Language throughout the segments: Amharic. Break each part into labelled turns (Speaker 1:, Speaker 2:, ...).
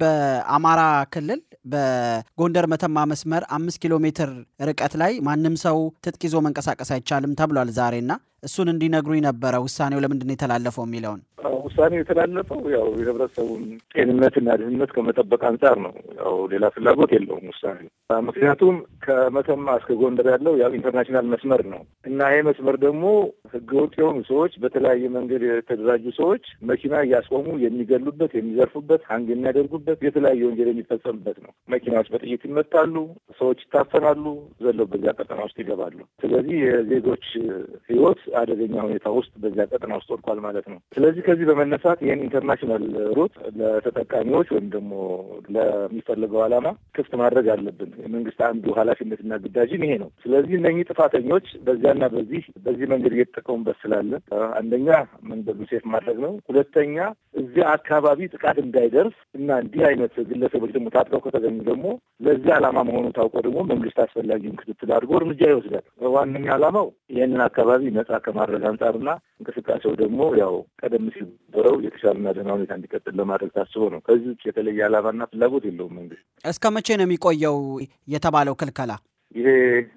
Speaker 1: በአማራ ክልል በጎንደር መተማ መስመር አምስት ኪሎ ሜትር ርቀት ላይ ማንም ሰው ትጥቅ ይዞ መንቀሳቀስ አይቻልም ተብሏል ዛሬና እሱን እንዲነግሩኝ ነበረ ውሳኔው ለምንድን ነው የተላለፈው የሚለውን
Speaker 2: ውሳኔ የተላለፈው ያው የህብረተሰቡን ጤንነትና ደህንነት ከመጠበቅ አንጻር ነው። ያው ሌላ ፍላጎት የለውም ውሳኔ። ምክንያቱም ከመተማ እስከ ጎንደር ያለው ያው ኢንተርናሽናል መስመር ነው እና ይሄ መስመር ደግሞ ህገወጥ የሆኑ ሰዎች፣ በተለያየ መንገድ የተደራጁ ሰዎች መኪና እያስቆሙ የሚገሉበት፣ የሚዘርፉበት፣ ሀንግ የሚያደርጉበት፣ የተለያየ ወንጀል የሚፈጸምበት ነው። መኪናዎች በጥይት ይመታሉ፣ ሰዎች ይታፈናሉ፣ ዘለው በዚያ ቀጠና ውስጥ ይገባሉ። ስለዚህ የዜጎች ህይወት አደገኛ ሁኔታ ውስጥ በዚያ ቀጠና ውስጥ ወድቋል ማለት ነው። ስለዚህ ከዚህ በመነሳት ይህን ኢንተርናሽናል ሩት ለተጠቃሚዎች ወይም ደግሞ ለሚፈልገው ዓላማ ክፍት ማድረግ አለብን። የመንግስት አንዱ ኃላፊነትና ግዳጅም ይሄ ነው። ስለዚህ እነኚህ ጥፋተኞች በዚያና በዚህ በዚህ መንገድ እየተጠቀሙበት ስላለ አንደኛ መንገዱ ሴፍ ማድረግ ነው። ሁለተኛ እዚህ አካባቢ ጥቃት እንዳይደርስ እና እንዲህ አይነት ግለሰቦች ደግሞ ታጥቀው ከተገኙ ደግሞ ለዚህ ዓላማ መሆኑ ታውቆ ደግሞ መንግስት አስፈላጊውን ክትትል አድርጎ እርምጃ ይወስዳል። ዋነኛ ዓላማው ይህንን አካባቢ ነጻ ከማድረግ አንጻርና እንቅስቃሴው ደግሞ ያው ቀደም ሲል የነበረው የተሻለና ደህና ሁኔታ እንዲቀጥል ለማድረግ ታስቦ ነው። ከዚህ ውጭ የተለየ አላማና ፍላጎት የለውም መንግስት።
Speaker 1: እስከ መቼ ነው የሚቆየው የተባለው ክልከላ?
Speaker 2: ይሄ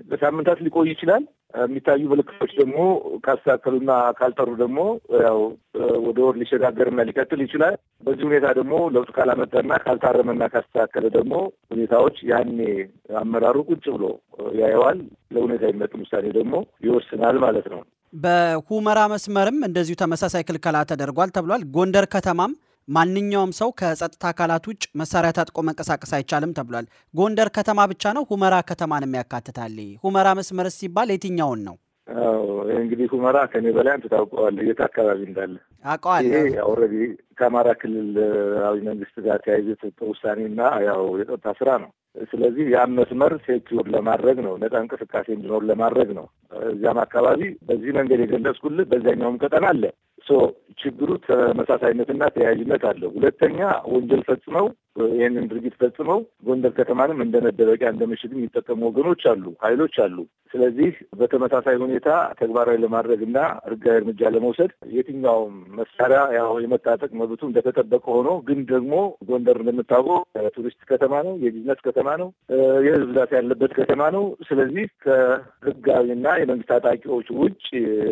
Speaker 2: በሳምንታት ሊቆይ ይችላል። የሚታዩ ምልክቶች ደግሞ ካስተካከሉና ካልጠሩ ደግሞ ያው ወደ ወር ሊሸጋገርና ሊቀጥል ይችላል። በዚህ ሁኔታ ደግሞ ለውጥ ካላመጣና ካልታረመና ካስተካከለ ደግሞ ሁኔታዎች ያኔ አመራሩ ቁጭ ብሎ ያየዋል። ለሁኔታ የሚመጥን ውሳኔ ደግሞ ይወስናል ማለት ነው።
Speaker 1: በሁመራ መስመርም እንደዚሁ ተመሳሳይ ክልከላ ተደርጓል ተብሏል። ጎንደር ከተማም ማንኛውም ሰው ከጸጥታ አካላት ውጭ መሳሪያ ታጥቆ መንቀሳቀስ አይቻልም ተብሏል። ጎንደር ከተማ ብቻ ነው? ሁመራ ከተማን የሚያካትታል? ሁመራ መስመር ሲባል የትኛውን ነው?
Speaker 2: እንግዲህ ሁመራ ከኔ በላይ አንተ ታውቀዋለህ፣ የት አካባቢ እንዳለ አውቀዋለሁ። ይሄ ኦልሬዲ ከአማራ ክልላዊ መንግስት ጋር ተያይዞ የተሰጠ ውሳኔና ያው የጸጥታ ስራ ነው። ስለዚህ ያን መስመር ሴኪውር ለማድረግ ነው፣ ነጻ እንቅስቃሴ እንዲኖር ለማድረግ ነው። እዚያም አካባቢ በዚህ መንገድ የገለጽኩልህ በዚያኛውም ቀጠና አለ። ሶ ችግሩ ተመሳሳይነትና ተያያዥነት አለው። ሁለተኛ ወንጀል ፈጽመው ይህንን ድርጊት ፈጽመው ጎንደር ከተማንም እንደ መደበቂያ እንደ ምሽግም የሚጠቀሙ ወገኖች አሉ፣ ኃይሎች አሉ። ስለዚህ በተመሳሳይ ሁኔታ ተግባራዊ ለማድረግ እና ሕጋዊ እርምጃ ለመውሰድ የትኛውም መሳሪያ ያው የመታጠቅ መብቱ እንደተጠበቀ ሆኖ ግን ደግሞ ጎንደር እንደምታውቀው ቱሪስት ከተማ ነው፣ የቢዝነስ ከተማ ነው፣ የህዝብ ብዛት ያለበት ከተማ ነው። ስለዚህ ከሕጋዊና የመንግስት ታጣቂዎች ውጭ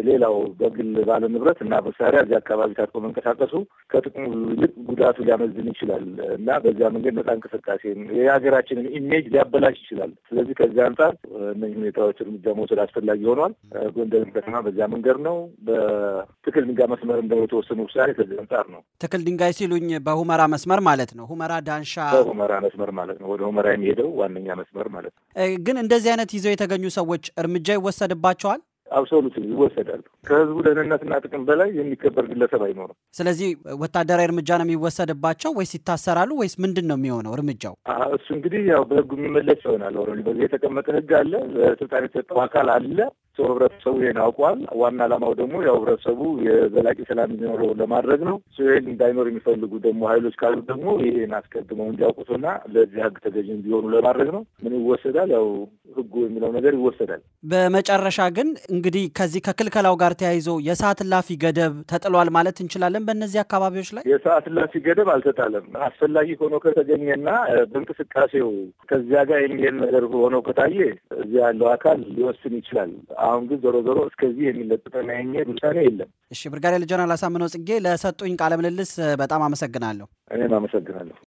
Speaker 2: ሌላው በግል ባለ ንብረት እና መሳሪያ እዚህ አካባቢ ታጥቆ መንቀሳቀሱ ከጥቅሙ ይልቅ ጉዳቱ ሊያመዝን ይችላል እና በዛ መንገድ ነጻ እንቅስቃሴ የሀገራችንን ኢሜጅ ሊያበላሽ ይችላል። ስለዚህ ከዚህ አንጻር እነዚህ ሁኔታዎች እርምጃ መውሰድ አስፈላጊ ሆኗል። ጎንደር ከተማ በዚያ መንገድ ነው በትክል ድንጋይ መስመር እንደው የተወሰኑ ውሳኔ ከዚህ አንጻር ነው።
Speaker 1: ትክል ድንጋይ ሲሉኝ በሁመራ መስመር ማለት ነው። ሁመራ ዳንሻ፣
Speaker 2: በሁመራ መስመር ማለት ነው። ወደ ሁመራ የሚሄደው ዋነኛ መስመር ማለት ነው።
Speaker 1: ግን እንደዚህ አይነት ይዘው የተገኙ ሰዎች እርምጃ ይወሰድባቸዋል።
Speaker 2: አብሶሉት ይወሰዳሉ። ከህዝቡ ደህንነትና ጥቅም በላይ የሚከበር ግለሰብ አይኖርም።
Speaker 1: ስለዚህ ወታደራዊ እርምጃ ነው የሚወሰድባቸው ወይስ ይታሰራሉ ወይስ ምንድን ነው የሚሆነው እርምጃው?
Speaker 2: እሱ እንግዲህ ያው በህጉ የሚመለስ ይሆናል። በዚህ የተቀመጠ ህግ አለ፣ ስልጣን የተሰጠው አካል አለ። ሰው ህብረተሰቡ ይህን አውቋል። ዋና አላማው ደግሞ ያው ህብረተሰቡ የዘላቂ ሰላም እንዲኖረው ለማድረግ ነው። ይህን እንዳይኖር የሚፈልጉ ደግሞ ሀይሎች ካሉ ደግሞ ይህን አስቀድመው እንዲያውቁትና ለዚህ ህግ ተገዥ እንዲሆኑ ለማድረግ ነው። ምን ይወሰዳል? ያው ህጉ የሚለው ነገር ይወሰዳል።
Speaker 1: በመጨረሻ ግን እንግዲህ ከዚህ ከክልከላው ጋር ተያይዞ የሰዓት እላፊ ገደብ ተጥሏል ማለት እንችላለን። በእነዚህ አካባቢዎች ላይ
Speaker 2: የሰዓት እላፊ ገደብ አልተጣለም። አስፈላጊ ሆኖ ከተገኘና በእንቅስቃሴው ከዚያ ጋር የሚሄድ ነገር ሆኖ ከታየ እዚያ ያለው አካል ሊወስን ይችላል። አሁን ግን ዞሮ ዞሮ እስከዚህ የሚለጥፈ ናይኛ ውሳኔ የለም።
Speaker 1: እሺ ብርጋዴር ጀነራል አሳምነው ጽጌ ለሰጡኝ ቃለ ምልልስ በጣም አመሰግናለሁ።
Speaker 2: እኔም አመሰግናለሁ።